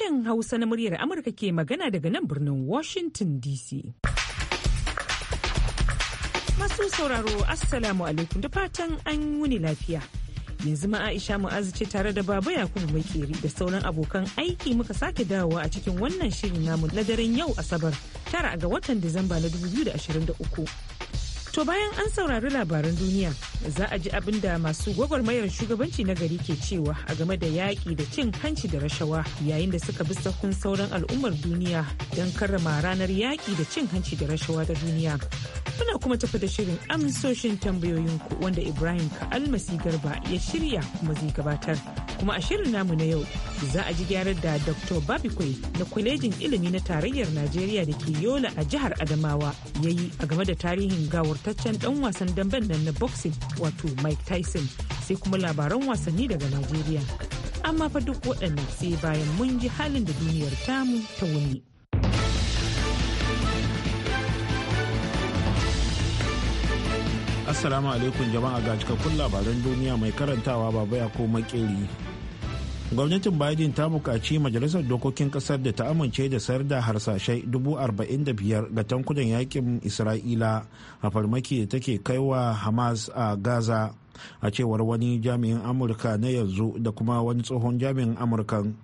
Sashen Hausa na muryar Amurka ke magana daga nan birnin Washington DC. Masu sauraro Assalamu alaikum da fatan an wuni lafiya. yanzu ma aisha mu'azu ce tare da baba yakubu mai da sauran abokan aiki muka sake dawowa a cikin wannan shirin namu na daren yau asabar tara ga watan disamba na 2023 To bayan an saurari labaran duniya za a ji abin da masu gwagwarmayar shugabanci na gari ke cewa a game da yaƙi da cin hanci da rashawa yayin da suka bi sahun sauran al'ummar duniya don karrama ranar yaƙi da cin hanci da rashawa ta duniya. Muna kuma tafi da shirin amsoshin tambayoyinku wanda Ibrahim ka almasi Garba ya shirya kuma zai gabatar. Kuma a shirin namu na yau za a ji gyarar da Dr. Babikwai na kwalejin ilimi na tarayyar Najeriya da ke Yola a jihar Adamawa ya yi a game da tarihin gawar fitaccen dan wasan damben nan na boxing wato mike tyson sai kuma labaran wasanni daga najeriya amma fa duk waɗannan sai bayan mun ji halin da duniyar tamu ta wuni assalamu alaikum jama'a ga cikakkun labaran duniya mai karantawa baba ya ko makeri gwamnatin biden ta bukaci majalisar dokokin kasar da ta amince da sayar da harsashai 45,000 ga tankunan yakin isra'ila a farmaki da take kaiwa hamas a gaza a cewar wani jami'in amurka na yanzu da kuma wani tsohon jami'in amurkan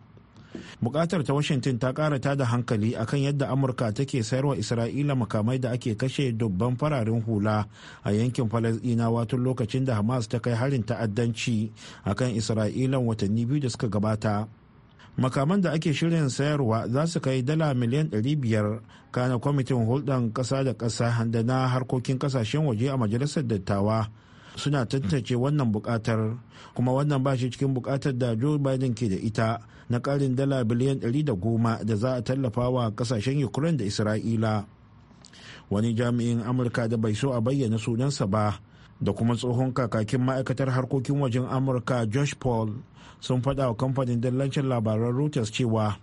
bukatar ta washington ta kara tada hankali akan yadda amurka take sayarwa isra'ila makamai da ake kashe dubban fararen hula a yankin falasdina tun lokacin da hamas ta kai harin ta'addanci akan isra'ilan watanni biyu da suka gabata makaman da ake shirin sayarwa za su kai dala miliyan 500 kana kwamitin hulɗan ƙasa da ƙasa da na harkokin ƙasashen waje a majalisar dattawa suna tantance wannan buƙatar kuma wannan ba shi cikin buƙatar da joe biden ke da ita na karin dala biliyan 110 da za a tallafa wa kasashen ukraine da isra'ila wani jami'in amurka da bai so a bayyana sunansa ba da kuma tsohon kakakin ma'aikatar harkokin wajen amurka josh paul sun faɗa wa kamfanin dallancin labaran reuters cewa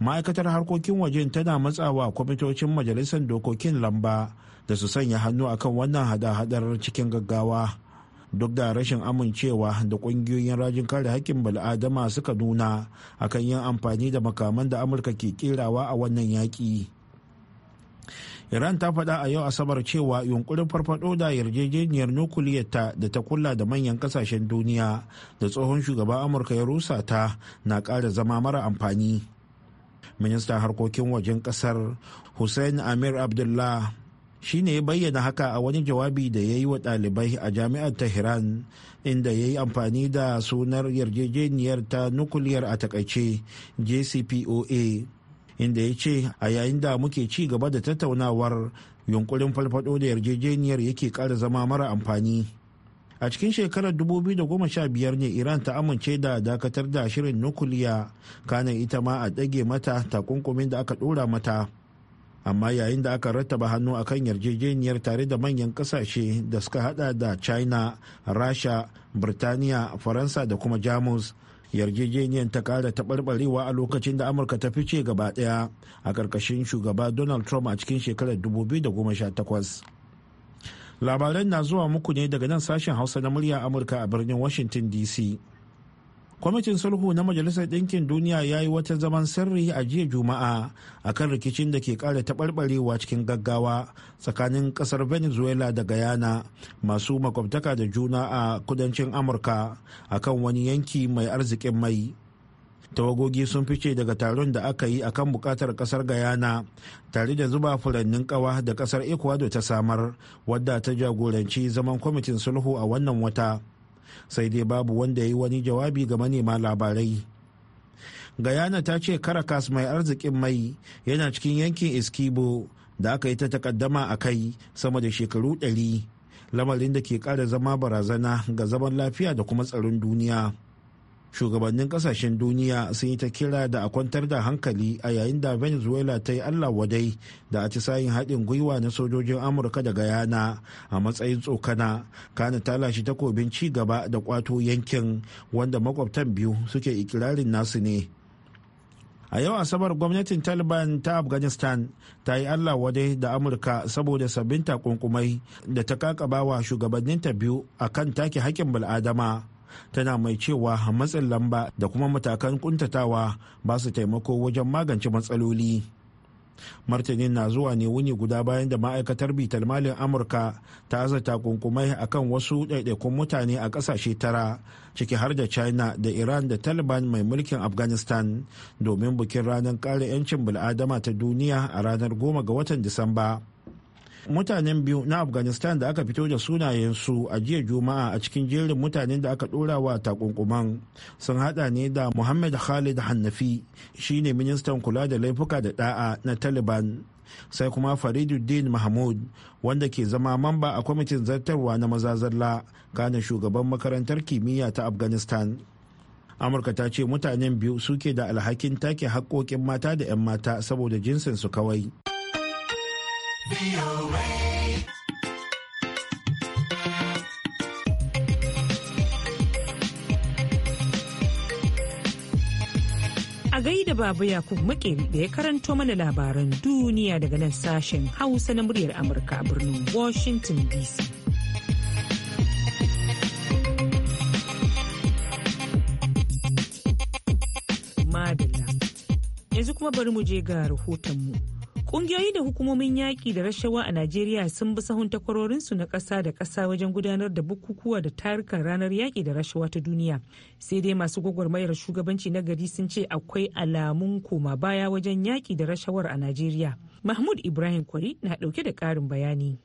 ma'aikatar harkokin wajen tana matsawa kwamitocin majalisar dokokin lamba da su sanya hannu akan wannan hada-hadar cikin gaggawa duk da rashin amincewa da kungiyoyin rajin kare hakkin bal'adama suka nuna akan yin amfani da makaman da amurka ke kerawa a wannan yaƙi iran ta faɗa a yau asabar cewa yunkurin farfado da yarjejeniyar nukuliyarta da ta kula da manyan kasashen duniya da tsohon shugaban amurka ya rusa ta na ƙara zama mara amfani ministan harkokin wajen ƙasar hussein amir abdullah shi ne ya bayyana haka a wani jawabi da ya yi wa ɗalibai a jami'ar tehran inda ya yi amfani da sunar yarjejeniyar ta nukuliyar a takaice jcpoa inda ya ce a yayin da muke ci gaba da tattaunawar yunkurin falfado da yarjejeniyar yake ƙara zama mara amfani a cikin shekarar 2015 ne iran ta amince da dakatar da shirin nukuliya kanan ita ma a ɗage mata takunkumin da aka ɗora mata amma yayin da aka rattaba hannu a kan yarjejeniyar tare da manyan kasashe da suka hada da china rasha birtaniya faransa da kuma jamus yarjejeniyar ta kara taɓarɓarewa a lokacin da amurka ta fice gaba ɗaya a ƙarƙashin shugaba donald trump a cikin shekarar 2018 labaran na zuwa muku ne daga nan sashen hausa na murya amurka a birnin washington dc kwamitin sulhu na majalisar ɗinkin duniya ya yi wata zaman sirri a jiya juma'a a kan rikicin da ke ƙara taɓarɓarewa cikin gaggawa tsakanin ƙasar venezuela da guyana masu makwabtaka da juna a kudancin amurka a kan wani yanki mai arzikin mai tawagogi sun fice daga taron da aka yi akan buƙatar ƙasar gayana tare da zuba furannin kawa da ƙasar ecuador ta samar wadda ta jagoranci zaman kwamitin sulhu a wannan wata sai dai babu wanda ya yi wani jawabi ga manema labarai gayana ta ce caracas mai arzikin mai yana cikin yankin iskibo da aka yi ta takaddama a kai sama da shekaru ɗari lamarin da ke kara zama barazana ga zaman lafiya da kuma tsaron duniya shugabannin kasashen duniya sun yi ta kira da a kwantar da hankali a yayin da venezuela ta yi allah wadai da atisayin haɗin gwiwa na sojojin amurka da gayana a matsayin tsokana kana ta lashe takobin ci gaba da kwato yankin wanda makwabtan biyu suke ikirarin nasu ne a yau asabar gwamnatin taliban ta afghanistan ta yi allah wadai da amurka saboda sabbin takunkumai da ta kakabawa shugabanninta biyu a kan take haƙƙin bil'adama tana mai cewa matsin lamba da kuma matakan kuntatawa ba su taimako wajen magance matsaloli martinin na zuwa ne wuni guda bayan da ma'aikatar bitar malin amurka ta azata kunkumai kan wasu ɗaiɗaikun mutane a ƙasashe tara ciki har da china da iran da taliban mai mulkin afghanistan domin bikin ranar ƙara 'yancin bil'adama ta duniya a ranar 10 ga watan disamba mutanen biyu na afghanistan da aka fito da sunayensu a jiya juma'a a cikin jerin mutanen da aka dora wa takunkuman sun hada ne da muhammad khalid hannafi shine ministan kula da laifuka da da'a na taliban sai kuma fariduddin mahmud wanda ke zama mamba a kwamitin zartarwa na mazazalla gane shugaban makarantar kimiyya ta afghanistan amurka ta ce mutanen biyu suke da alhakin take haƙƙoƙin mata da 'yan mata saboda jinsinsu kawai. A gaida Babu Yakub Makeri da ya karanto mana labaran duniya daga nan sashen Hausa na muryar Amurka a birnin Washington DC. Madalla. Yanzu kuma bari mu je ga rahotonmu. Kungiyoyi da hukumomin yaƙi da rashawa a Najeriya sun bi sahun takwarorinsu na ƙasa da ƙasa wajen gudanar da bukukuwa da tarukan ranar yaƙi da rashawa ta duniya. Sai dai masu gwagwarmayar shugabanci na gari sun ce akwai alamun koma baya wajen yaƙi da rashawar a Najeriya. Mahmud Ibrahim Kwari na ɗauke da ƙarin bayani.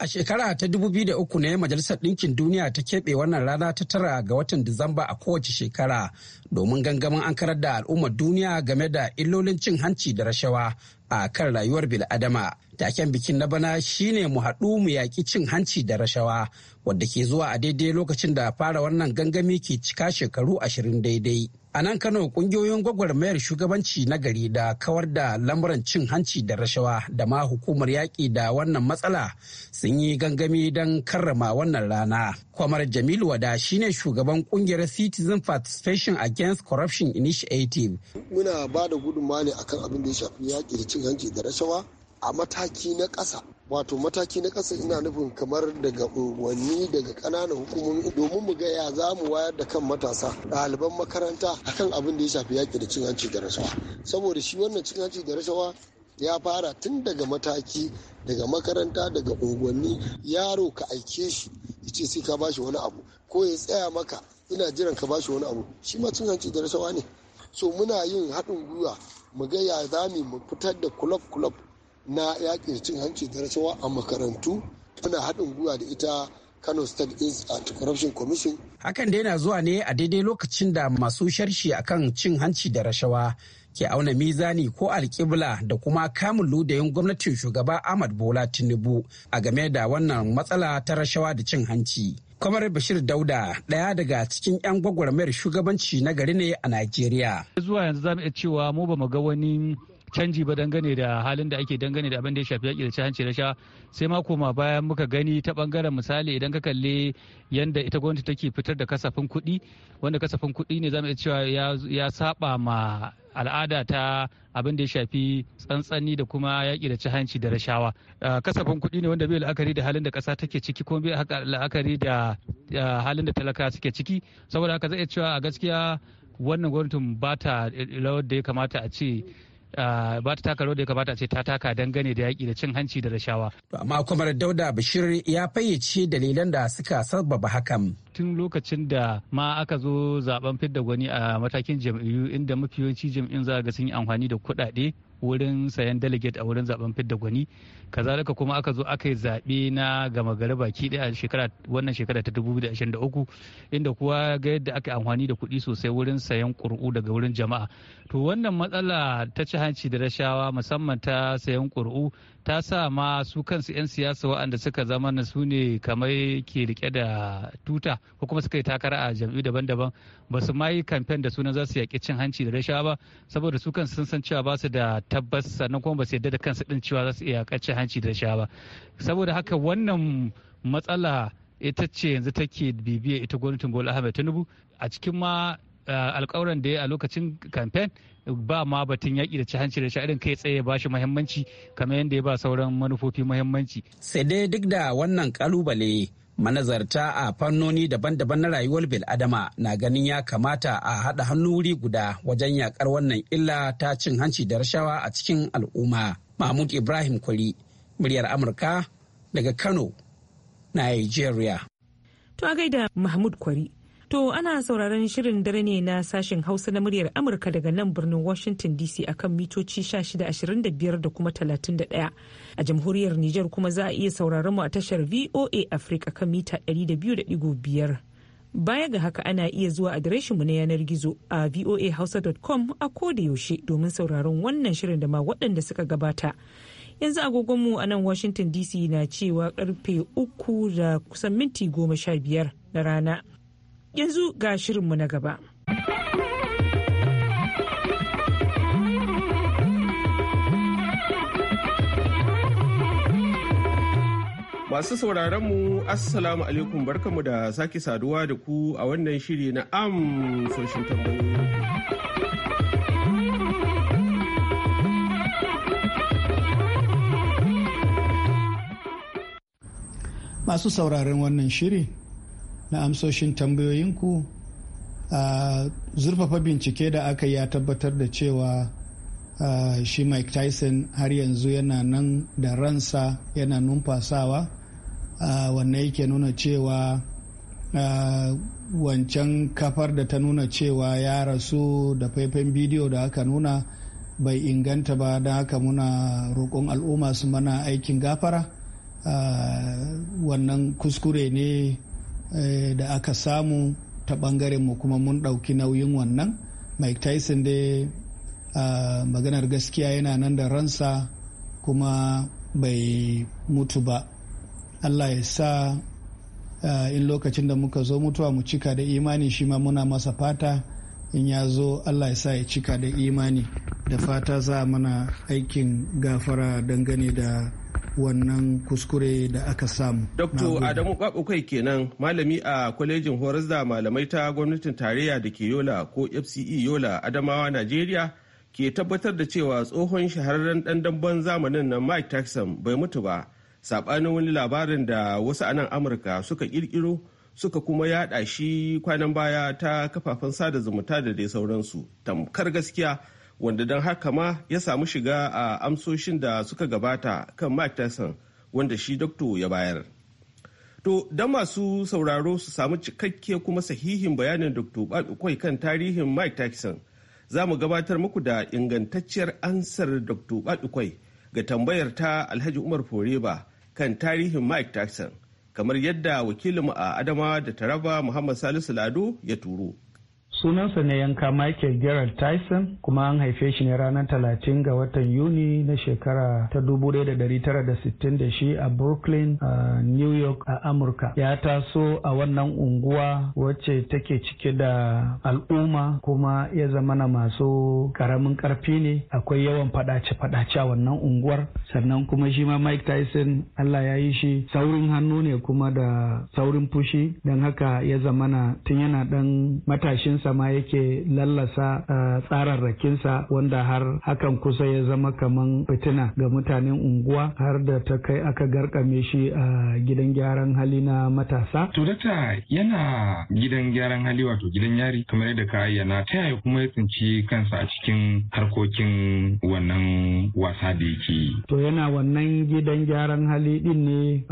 A shekara ta 2003 ne Majalisar Ɗinkin Duniya ta keɓe wannan rana ta tara ga watan Disamba a kowace shekara domin gangamin an karar da al'ummar duniya game da illolin cin hanci da rashawa a kan rayuwar bil'adama. Taken bikin na bana shine mu haɗu mu yaƙi cin hanci da rashawa wadda ke zuwa a daidai lokacin da fara wannan gangami ke cika shekaru ashirin daidai. A nan Kano kungiyoyin gwagwarmayar shugabanci na gari da kawar da lamuran cin hanci da rashawa da ma hukumar yaƙi da wannan matsala sun yi gangami don karrama wannan rana. Kwamar Jamilu Wada shine shugaban kungiyar Citizen Participation Against Corruption Initiative. Muna ba da gudunmawa ne akan abin da ya shafi yaƙi da cin hanci da rashawa a mataki na ƙasa wato mataki na kasa ina nufin kamar daga unguwanni daga ƙananan hukumomi domin mu ga ya za mu wayar da kan matasa ɗaliban makaranta kan abin da ya shafi yaƙi da cin hanci da rashawa saboda shi wannan cin hanci da rashawa ya fara tun daga mataki daga makaranta daga unguwanni yaro ka aike shi ya ce sai ka bashi wani abu ko ya tsaya maka ina jiran ka bashi wani abu shi ma cin hanci da rashawa ne so muna yin haɗin gwiwa mu ga ya za mu fitar da kulob kulob na yakin da cin hanci da rashawa a makarantu tana haɗin gwiwa da ita Kano State Anti-Corruption Commission. Hakan dai na zuwa ne a daidai lokacin da masu sharshi akan cin hanci da rashawa ke auna mizani ko alkibla da kuma kamun ludayin gwamnatin shugaba Ahmad Bola Tinubu a game da wannan matsala ta rashawa da cin hanci. Kwamar Bashir Dauda ɗaya daga cikin 'yan gwagwarmayar shugabanci na gari ne a Najeriya. Zuwa yanzu za mu iya cewa mu ba mu ga wani canji ba dangane da halin da ake dangane da abin da ya shafi yaƙi da cin hanci sha sai ma koma bayan muka gani ta bangaren misali idan ka kalli yadda ita gwamnati take fitar da kasafin kuɗi wanda kasafin kuɗi ne zama iya cewa ya saba ma al'ada ta abin da ya shafi tsantsani da kuma yaƙi da cin hanci da rashawa ah, kasafin kuɗi ne wanda bai la'akari da halin da ƙasa take ciki kuma bai la'akari da halin da talaka suke ciki saboda haka zai cewa a gaskiya wannan gwamnatin ba ta eh, rawar da ya kamata a ce ba ta taka rawar da ya kamata ce ta taka dangane da yaƙi da cin hanci da rashawa. Amma kuma Dauda Bashir ya fayyace dalilan da suka sababa hakan. Tun lokacin da ma aka zo zaben fidda gwani a matakin jam'iyyu inda mafi yawanci jam'in za ga sun yi amfani da kuɗaɗe wurin sayan delegate a wurin zaben fidda gwani kazalika kuma aka zo aka yi zaɓe na gama gari baki ɗaya a shekara wannan shekara ta 2023 inda kuwa ga yadda aka amfani da kuɗi sosai wurin sayan ƙuri'u daga wurin jama'a to wannan matsala ta ci hanci da rashawa musamman ta sayan ƙuri'u ta sa ma su kansu 'yan siyasa waɗanda suka zama na su ne kamar ke rike da tuta ko kuma suka yi takara a jam'i daban-daban ba su ma yi kamfen da sunan za su yaƙi cin hanci da rashawa ba saboda su kansu sun san cewa ba su da tabbas sannan kuma ba su yarda da kansu ɗin cewa za su iya yaƙar hanci ta sha ba saboda haka wannan matsala ita ce yanzu take bibiya ita gwamnatin bola ahmed tinubu a cikin ma eh, alkawuran da ya a lokacin kamfen ba ma batun yaƙi da ci hanci da sha'irin kai tsaye ba shi muhimmanci kamar yadda ya ba sauran manufofi mahimmanci sai dai duk da wannan kalubale manazarta a fannoni daban-daban na rayuwar bil'adama na ganin ya kamata a haɗa hannu wuri guda wajen yakar wannan illa ta cin hanci da rashawa a cikin al'umma mahmud ibrahim kwari muryar Amurka daga Kano, Nigeria. To a gaida Mahmud Kwari. To ana sauraron shirin dare ne na sashen Hausa na muryar Amurka daga nan birnin Washington DC akan mitoci 1625 da kuma 31. A jamhuriyar Nijar kuma za a iya sauraron mu a tashar VOA Africa kan mita 200.5. Baya ga haka ana iya zuwa adireshinmu na yanar gizo a voahausa.com a koda yaushe domin sauraron wannan shirin da ma waɗanda suka gabata. yanzu agogonmu a nan washington dc na cewa karfe uku da kusan minti goma sha biyar na rana yanzu ga shirinmu na gaba Masu sauraronmu Assalamu alaikum barkamu da sake saduwa da ku a wannan shiri na amsoshin tambayoyi. masu sauraron wannan shiri na amsoshin tambayoyinku a zurfafa bincike da aka ya tabbatar da cewa shi mike tyson har yanzu yana nan da ransa yana numfasawa wannan yake nuna cewa wancan kafar da ta nuna cewa ya rasu da faifan bidiyo da aka nuna bai inganta ba don haka muna roƙon al'umma su mana aikin gafara Ah, wannan kuskure ne eh, da aka samu ta ɓangaren mu kuma mun ɗauki nauyin wannan mike tyson dai ah, maganar gaskiya yana nan da ransa kuma bai mutu ba allah ya sa ah, in lokacin da muka zo mutuwa mu cika da imani shi ma muna masa fata in ya zo allah ya sa ya cika da imani da fata za mana aikin gafara dangane da wannan kuskure da aka samu. Dr. Adamu Kwabukai kenan malami a kwalejin horas da malamai ta gwamnatin tarayya da ke Yola ko FCE Yola Adamawa Najeriya ke tabbatar da cewa tsohon shahararren dan damben zamanin na Mike Tyson bai mutu ba. Saɓanin wani labarin da wasu a nan Amurka suka ƙirƙiro suka kuma yaɗa shi kwanan baya ta kafafen sada zumunta da dai sauransu tamkar gaskiya wanda don haka ma ya samu shiga a amsoshin da suka gabata kan Mike Tyson wanda shi dokto ya bayar. To, don masu sauraro su samu cikakke kuma sahihin bayanin dokto kwai kan tarihin Mike Tyson, za mu gabatar muku da ingantacciyar ansar dokto kwai ga tambayar ta Alhaji Umar Foreba kan tarihin Mike Tyson, kamar yadda wakilinmu a adama da Taraba Muhammad Salisu Lado ya turo. sunansa ne yanka michael gerald tyson kuma an haife shi ne ranar talatin ga watan yuni na shekara ta da sittin shi a brooklyn a new york a amurka ya taso a wannan unguwa wacce take cike da al'umma kuma ya zamana masu karamin karfi ne akwai yawan fadace-fadace a wannan unguwar sannan kuma shi ma mike tyson allah ya yi shi saurin hannu ne kuma da saurin fushi don haka ya zamana tun yana dan matashinsa haka ma yake lallasa eh, tsararrakinsa wanda har hakan kusa ya zama kaman fitina ga mutanen unguwa har da ta kai aka garkame shi a gidan gyaran hali na matasa. Tudata yana gidan gyaran hali wato gidan yari kamar yadda ka ayyana ta yaya kuma ya tsinci kansa a cikin harkokin wannan wasa da yake. To yana wannan gidan gyaran hali din ne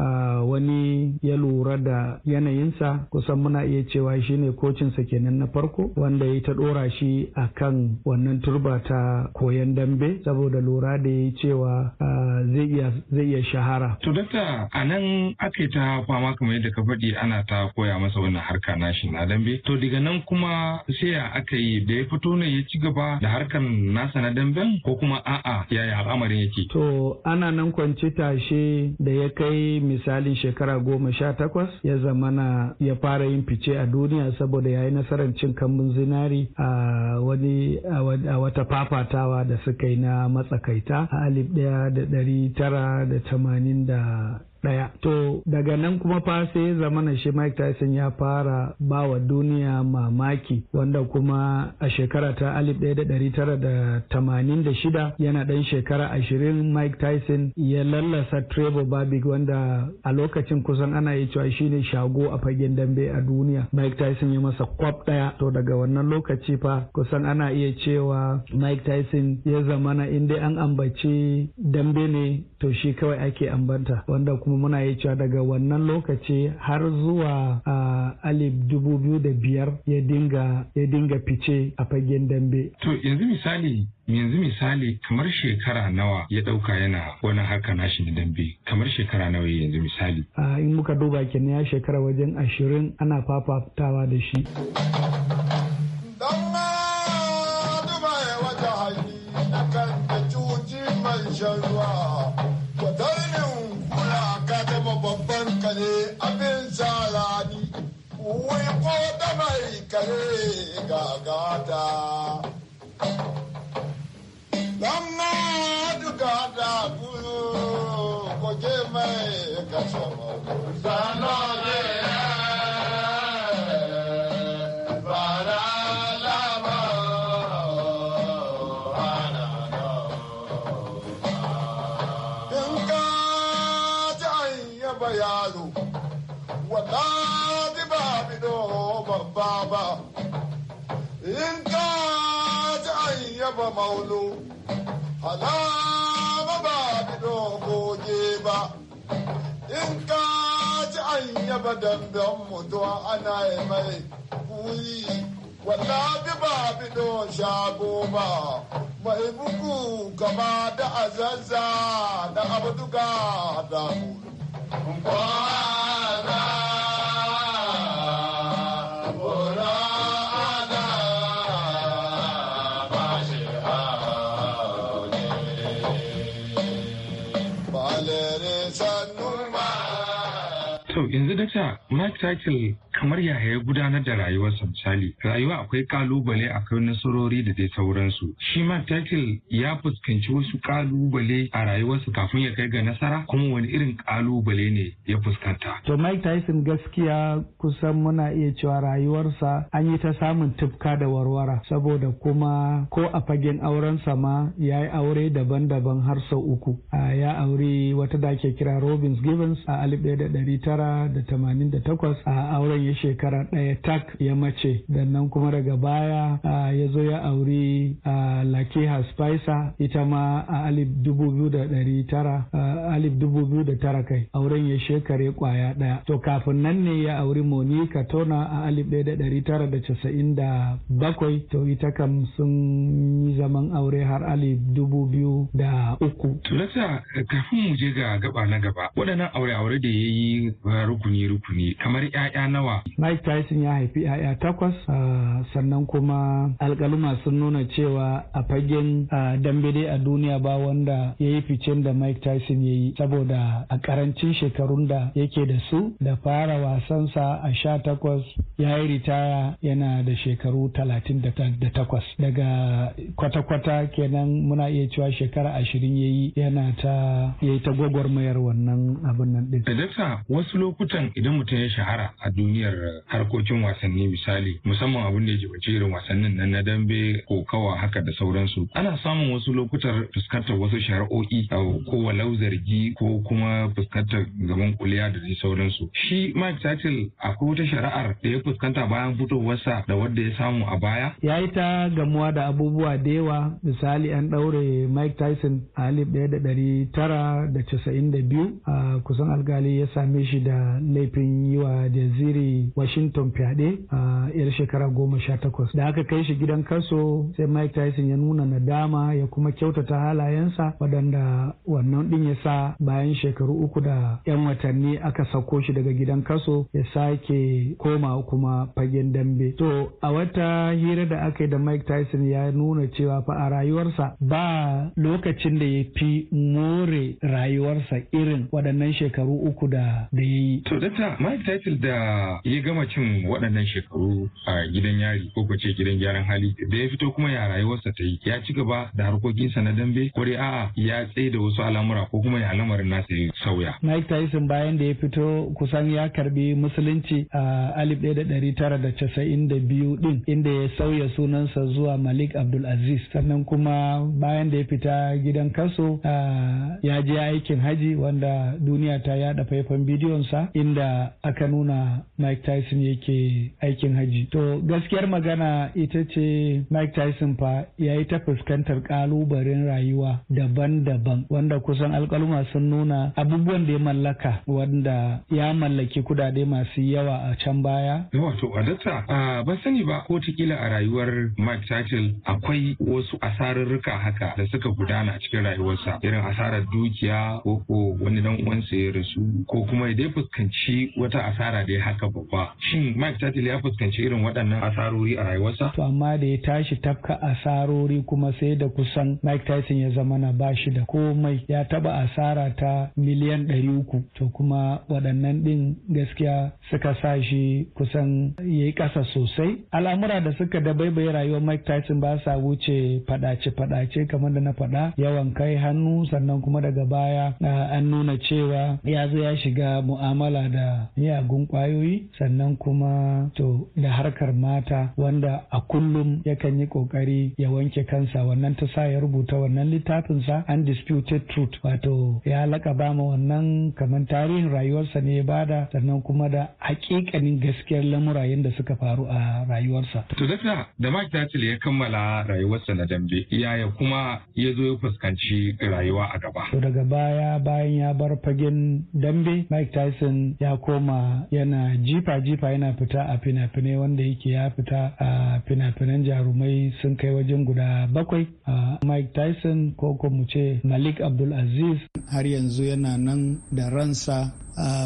wani ya lura da yanayinsa kusan muna iya cewa shine kocinsa kenan na farko wanda ya ta ɗora shi a kan wannan turba ta koyan dambe saboda lura da ya cewa zai iya shahara. To dakta a nan aka ta fama kamar yadda ka faɗi ana ta koya masa wannan harka nashi na dambe. To daga nan kuma sai ya aka yi da ya fito ne ya ci gaba da harkar nasa na dambe? ko kuma a'a yaya al'amarin yake. To ana nan kwance tashe da ya kai misalin shekara goma sha takwas ya zamana ya fara yin fice a duniya saboda ya yi nasarar cin kan mun zinari a wani a wata fafatawa da suka yi na matsakaita a alif ɗaya da ɗari tara da tamanin da daya to daga nan kuma fa sai ya zama shi Mike Tyson ya fara ba wa duniya mamaki wanda kuma a shekara ta 1986 yana dan shekara 20 Mike Tyson ya lallasa Trevor Babig wanda a lokacin kusan ana yi cewa shine shago a fagen dambe a duniya Mike Tyson ya masa kwab daya to daga wannan lokaci fa kusan ana iya cewa Mike Tyson ya zamana inda an ambaci dambe ne to shi kawai ake ambanta wanda kuma kuma muna yi cewa daga wannan lokaci har zuwa alif dubu biyu da biyar ya dinga fice a fagen dambe. To yanzu misali yanzu misali kamar shekara nawa ya dauka yana wani harka nashi na dambe kamar shekara nawa yanzu misali. in muka duba kenan ya shekara wajen ashirin ana fafatawa da shi. kare gagata lamma dukata kulu ko je mai da maulu halama ba bido goge ba in ka ci an dandan damben mutuwa ana yi mai kuri wallahi ba bido shago ba mai bugu gaba da azazza da abu duka da in dakta Mike Title kamar ya ya gudanar da rayuwarsa misali rayuwa akwai kalubale akwai nasarori da dai sauransu shi Mike Title ya fuskanci wasu kalubale a rayuwarsa kafin ya kai ga nasara kuma wani irin kalubale ne ya fuskanta to Mike Tyson gaskiya kusan muna iya cewa rayuwarsa an yi ta samun tufka da warwara saboda kuma ko a fagen aurensa ma ya yi aure daban-daban har sau uku ah, ya aure wata da ke kira Robins Givens a 1900 1988 a auren ya shekara ɗaya tak ya mace dannan kuma daga baya ya zo ya auri lakeha spicer ita ma a alif tara kai auren ya shekare kwaya ɗaya to kafin nan ne ya auri monica tona a alif bakwai to ita kam sun yi zaman aure har alif da uku. Lasa kafin mu je ga gaba na gaba waɗannan aure-aure da ya yi eh, rukuni rukuni rukuni kamar yaya nawa Mike Tyson ya haifi yaya takwas ah, sannan kuma alkaluma sun nuna cewa a fagen ah, dambe dai a duniya ba wanda ya yi ficen da Mike Tyson ya yi saboda a karancin shekarun da yake da su da fara wasansa a sha takwas ya yi ritaya yana da shekaru talatin da takwas daga kwata-kwata kenan muna iya cewa shekara ashirin ya yi yana ta yi ta gwagwarmayar wannan abin nan ɗin. Da wasu lokutan idan mutum ya shahara a duniyar harkokin wasanni misali musamman abin da ya jibaci irin wasannin nan na dambe ko kawa haka da sauransu ana samun wasu lokutar fuskantar wasu shari'o'i ko walau zargi ko kuma fuskantar gaban kuliya da dai sauransu shi Mike Tatil akwai wata shari'ar da ya fuskanta bayan fitowarsa da wadda ya samu a baya ya yi ta gamuwa da abubuwa da yawa misali an ɗaure Mike Tyson a alif ɗaya da ɗari da casa'in a kusan alkali ya same shi da laifin yiwa wa Desire Washington fyaɗe a yar shekara goma sha takwas. Da aka kai shi gidan kaso sai Mike Tyson ya nuna nadama ya kuma kyautata halayensa waɗanda wannan ɗin ya sa bayan shekaru uku da 'yan watanni aka sauko shi daga gidan kaso ya sake koma kuma fagen dambe. To a wata hira da aka yi da Mike Tyson ya nuna cewa fa a rayuwarsa ba lokacin da ya fi more rayuwarsa irin waɗannan shekaru uku da da yi. To to mike title da ya gama cin waɗannan shekaru a gidan yari ko ko ce gidan gyaran hali da ya fito kuma ya rayuwarsa ta yi ya ci gaba da harkokinsa na dambe ko dai a'a ya tsaye da wasu al'amura ko kuma ya al'amarin nasa ya sauya mike tyson bayan da ya fito kusan ya karbi musulunci a alif ɗaya da ɗari tara da casa'in da biyu ɗin inda ya sauya sunansa zuwa malik abdulaziz sannan kuma bayan da ya fita gidan kaso ya je aikin haji wanda duniya ta yaɗa faifan bidiyonsa in inda aka nuna Mike Tyson yake aikin haji. To gaskiyar magana ita ce Mike Tyson fa ya yi ta fuskantar kalubalen rayuwa daban-daban wanda kusan alkaluma sun nuna abubuwan da ya mallaka wanda ya mallaki kudade masu yawa a can baya. Wato adatta a ban sani ba ko tikila a rayuwar Mike Tyson akwai wasu asararruka haka da suka gudana cikin rayuwarsa irin asarar dukiya ko wani dan uwansa ya rasu ko kuma ya dai fuskanci shi wata asara da ya haka babba shin mike tatil ya fuskanci irin waɗannan asarori a rayuwarsa to amma da ya tashi tafka asarori kuma sai da kusan mike tyson ya zama na bashi da komai ya taba asara ta miliyan ɗari uku to kuma waɗannan ɗin gaskiya suka sa shi kusan ya yi ƙasa sosai al'amura da suka dabaibaye rayuwar mike tyson ba sa wuce faɗace-faɗace kamar da na faɗa yawan kai hannu sannan kuma daga baya an nuna cewa ya zo ya shiga mu'amala da miyagun kwayoyi sannan kuma to da harkar mata wanda a kullum yakan yi ƙoƙari ya wanke kansa wannan ta sa ya rubuta wannan littafinsa undisputed truth wato ya lakaba ma wannan kamar tarihin rayuwarsa ne ya bada sannan kuma da hakikanin gaskiyar lamura yadda suka faru a rayuwarsa. To dakta da Mike Churchill ya kammala rayuwarsa na dambe yaya kuma ya zo ya fuskanci rayuwa a gaba. To daga baya bayan ya bar fagen dambe Mike Tyson ya koma yana jifa-jifa yana fita a fina-finai wanda yake ya fita a fina-finan jarumai sun kai wajen guda bakwai a mike tyson ko kuma mu ce malik abdulaziz har yanzu yana nan da ransa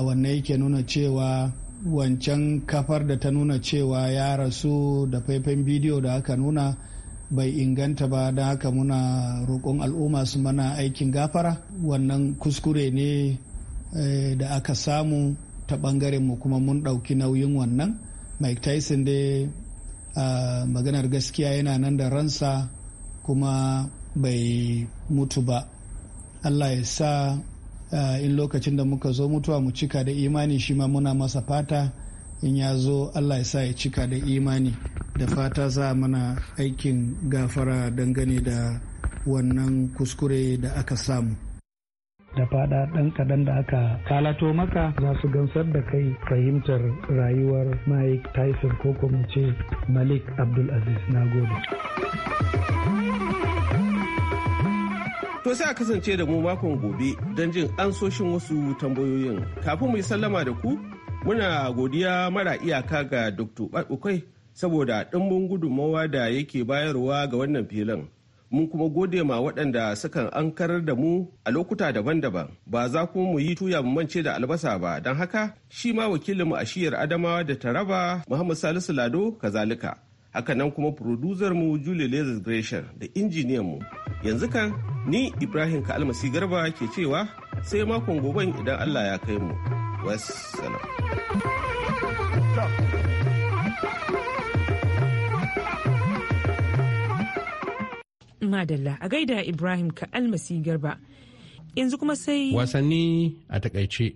wannan yake nuna cewa wancan kafar da ta nuna cewa ya rasu da faifan bidiyo da aka nuna bai inganta ba don haka muna roƙon al'umma su mana aikin gafara wannan kuskure ne Eh, da aka samu ta ɓangaren mu kuma mun ɗauki nauyin wannan mike tyson dai maganar gaskiya yana nan da ransa kuma bai mutu ba allah ya sa in lokacin da muka zo mutuwa mu cika da imani shi ma muna masa fata in ya zo allah ya sa ya cika da imani da fata za mana aikin gafara dangane da wannan kuskure da aka samu da fada ɗan kaɗan da aka kalato maka za su gamsar da kai fahimtar rayuwar Mike Tyson ko kuma ce Malik Abdulaziz na gode. To sai a kasance da mu makon gobe don jin ansoshin wasu tambayoyin. Kafin mu yi sallama da ku, muna godiya mara iyaka ga Dr. Badukwai saboda ɗimbin gudunmawa da yake bayarwa ga wannan filin. mun kuma gode ma waɗanda sukan ankarar da mu a lokuta daban-daban ba za kuma mu yi tuya mu mance da albasa ba don haka shi ma wakilinmu a shiyar adamawa da taraba muhammad salisu lado kazalika hakanan kuma producer mu julie lezis gresham da injiniyan mu yanzu kan ni ibrahim kalmasi garba ke cewa sai makon gobe idan allah ya kai mu wassalam madalla a gaida Ibrahim ka almasi garba. Yanzu kuma sai wasanni a takaice.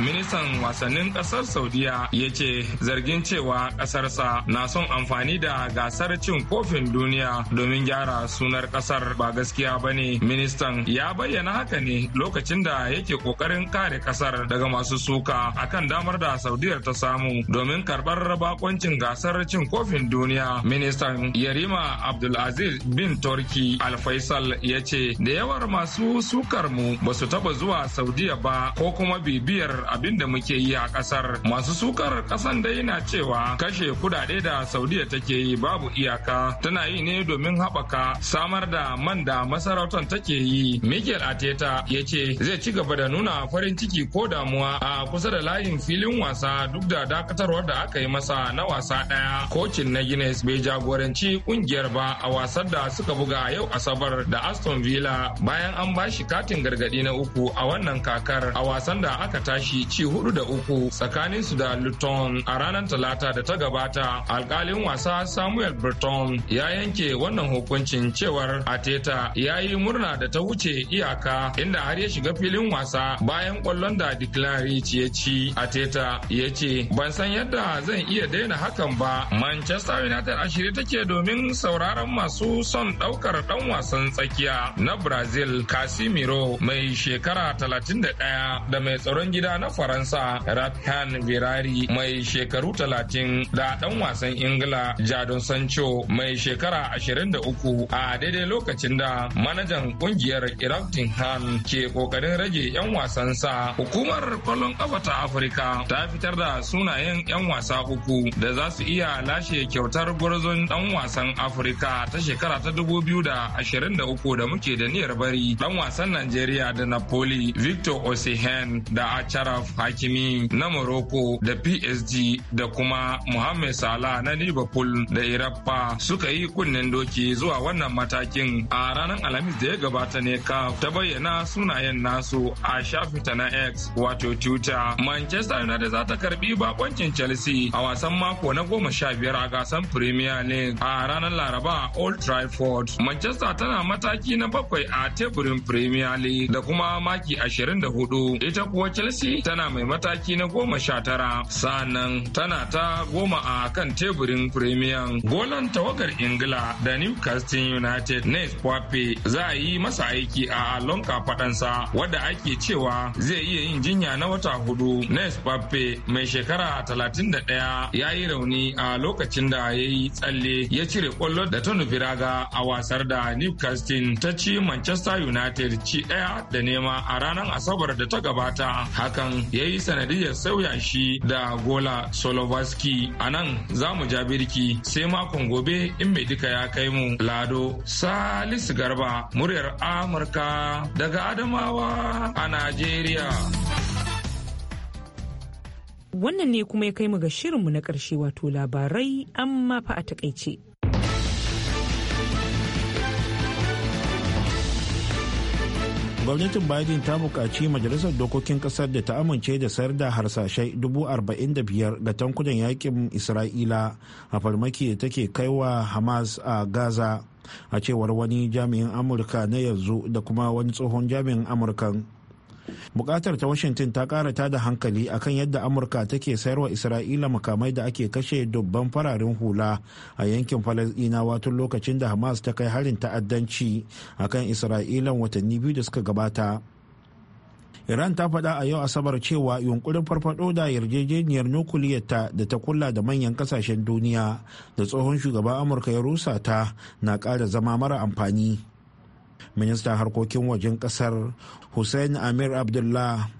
ministan wasannin kasar saudiya ya ce zargin cewa kasarsa na son amfani da gasar cin kofin duniya domin gyara sunar kasar ba gaskiya ba ne ministan ya bayyana haka ne lokacin da yake kokarin kare kasar daga masu suka akan damar da saudiyar ta samu domin karbar bakoncin gasar cin kofin duniya ministan yarima abdulaziz bin turki alfaisal ya ce da yawar masu sukar mu ba su taba zuwa saudiya ba ko kuma bibiyar abin da muke yi a kasar masu sukar kasan dai na cewa kashe kudade da saudiya take yi babu iyaka tana yi ne domin haɓaka samar da man da masarautar take yi michael ateta ya ce zai ci gaba da nuna farin ciki ko damuwa a kusa da layin filin wasa duk da dakatarwar da aka yi masa na wasa ɗaya kocin na guinness bai jagoranci kungiyar ba a wasan da suka buga yau asabar da aston villa bayan an bashi katin gargadi na uku a wannan kakar a wasan da aka tashi ci hudu da uku tsakanin su da Luton a ranar Talata da ta gabata alkalin wasa Samuel Burton ya yanke wannan hukuncin cewar Ateta ya yi murna da ta wuce iyaka inda har ya shiga filin wasa bayan kwallon da Declan ci ya ci Ateta ya ce ban san yadda zan iya daina hakan ba Manchester United a shirye take domin sauraron masu son daukar dan wasan tsakiya na Brazil Casimiro mai shekara 31 da mai tsaron gida na faransa Faransa Rafhan Birari, mai shekaru 30 da ɗan wasan Ingila Jadon Sancho mai shekara 23 a daidai lokacin da manajan kungiyar Iraftin Han ke kokarin rage 'yan wasansa. Hukumar kwallon ƙafa ta Afirka ta fitar da sunayen 'yan wasa uku da za su iya lashe kyautar gwarzon ɗan wasan Afirka ta shekara ta 2023 da muke da niyar bari ɗan wasan Najeriya da Napoli Victor Osihen da Achara Ashraf Hakimi na Morocco da PSG da kuma Mohamed Salah na Liverpool da irappa suka yi kunnen doki zuwa wannan matakin a ranar Alhamis da ya gabata ne ka ta bayyana sunayen nasu a shafinta na X wato Twitter. Manchester United za ta karbi bakoncin Chelsea a wasan mako na goma sha biyar a gasan Premier League a ranar Laraba Old Trafford. Manchester tana mataki na bakwai a teburin Premier League da kuma maki ashirin da hudu. Ita kuwa Chelsea tana mai mataki na goma sha tara sannan tana ta goma a kan teburin Premier. Golan tawagar Ingila da Newcastle United ne Kwape za a yi masa aiki a lonka fadansa wadda ake cewa zai iya yin jinya na wata hudu. Nes Kwape mai shekara talatin da 31 ya yi rauni a lokacin da ya yi tsalle ya cire kwallo da ta nufi raga a wasar da Newcastle ta ci Manchester United ci daya da nema a ranar Asabar da ta gabata. Hakan hakan ya yi sanadiyar sauya shi da gola solovaski a nan za mu ja birki sai makon gobe in mai duka ya kai mu lado salisu garba muryar amurka daga adamawa a najeriya wannan ne kuma ya kai mu ga shirinmu na ƙarshe wato labarai amma fa a takaice gwamnatin biden ta bukaci majalisar dokokin ƙasar da ta amince da sayar da harsashai 45,000 ga tankunan yaƙin isra'ila a farmaki da take kaiwa hamas a gaza a cewar wani jami'in amurka na yanzu da kuma wani tsohon jami'in amurkan bukatar ta washington ta kara da hankali akan yadda amurka take sayar wa isra'ila makamai da ake kashe dubban fararen hula a yankin falasdinawa tun lokacin da hamas ta kai harin ta'addanci akan isra'ilan watanni biyu da suka gabata iran ta faɗa a yau asabar cewa yunkurin farfado da yarjejeniyar nukuliyarta da ta kula da manyan kasashen duniya da tsohon shugaban amurka ya rusa ta na ƙara zama mara amfani ministan harkokin wajen kasar hussein amir abdullah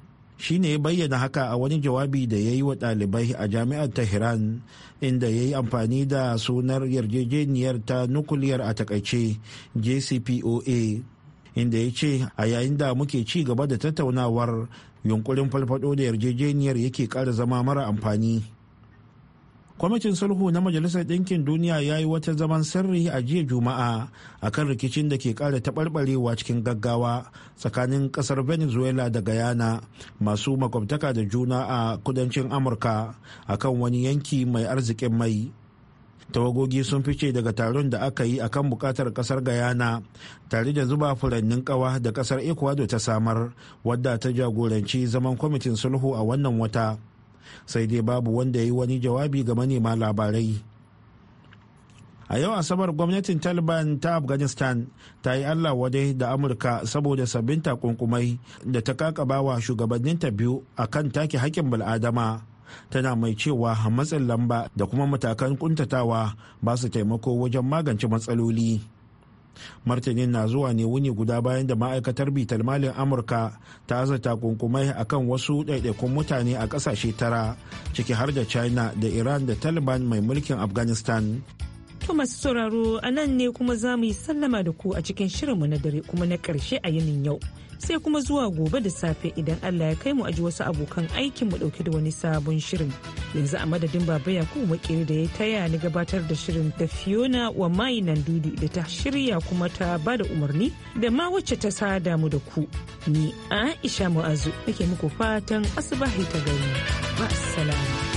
shi ne bayyana haka a wani jawabi da ya yi wa ɗalibai a jami'ar tehran inda ya yi amfani da sunar yarjejeniyar ta nukuliyar a takaice jcpoa inda ya ce a yayin da muke ci gaba da tattaunawar yunkurin falfado da yarjejeniyar yake ƙara zama mara amfani kwamitin sulhu na majalisar ɗinkin duniya ya yi wata zaman sirri a jiya juma'a akan rikicin da ke ƙara taɓarɓarewa cikin gaggawa tsakanin ƙasar venezuela da guyana masu makwabtaka da juna a kudancin amurka akan wani yanki mai arzikin mai tawagogi sun fice daga taron da aka yi akan buƙatar ƙasar guyana tare da zuba furannin kawa da ƙasar ecuador ta samar wadda ta jagoranci zaman kwamitin sulhu a wannan wata sai dai babu wanda ya yi wani jawabi ga manema labarai a yau asabar gwamnatin taliban ta afghanistan ta yi allah wadai da amurka saboda sabbin takunkumai da ta kakabawa ta biyu a kan take hakkin bal'adama tana mai cewa matsin lamba da kuma matakan kuntatawa ba su taimako wajen magance matsaloli. martanin na zuwa ne wuni guda bayan da ma'aikatar bitar malin amurka ta azata kunkumai akan wasu ɗaiɗaikun mutane a ƙasashe tara ciki har da china da iran da taliban mai mulkin afghanistan To masu sauraro a nan ne kuma za mu yi sallama da ku a cikin shirinmu na dare kuma na ƙarshe a yinin yau. sai kuma zuwa gobe da safe idan Allah ya kai mu aji wasu abokan aikin mu dauke da wani sabon shirin. Yanzu a madadin Baba Yakubu Makeri da ya taya ni gabatar da shirin da Fiona wa Mai dudu da ta shirya kuma ta ba da umarni da ma wacce ta sada mu da ku. Ni Aisha Mu'azu nake muku fatan asibahi ta gani. Ba salama.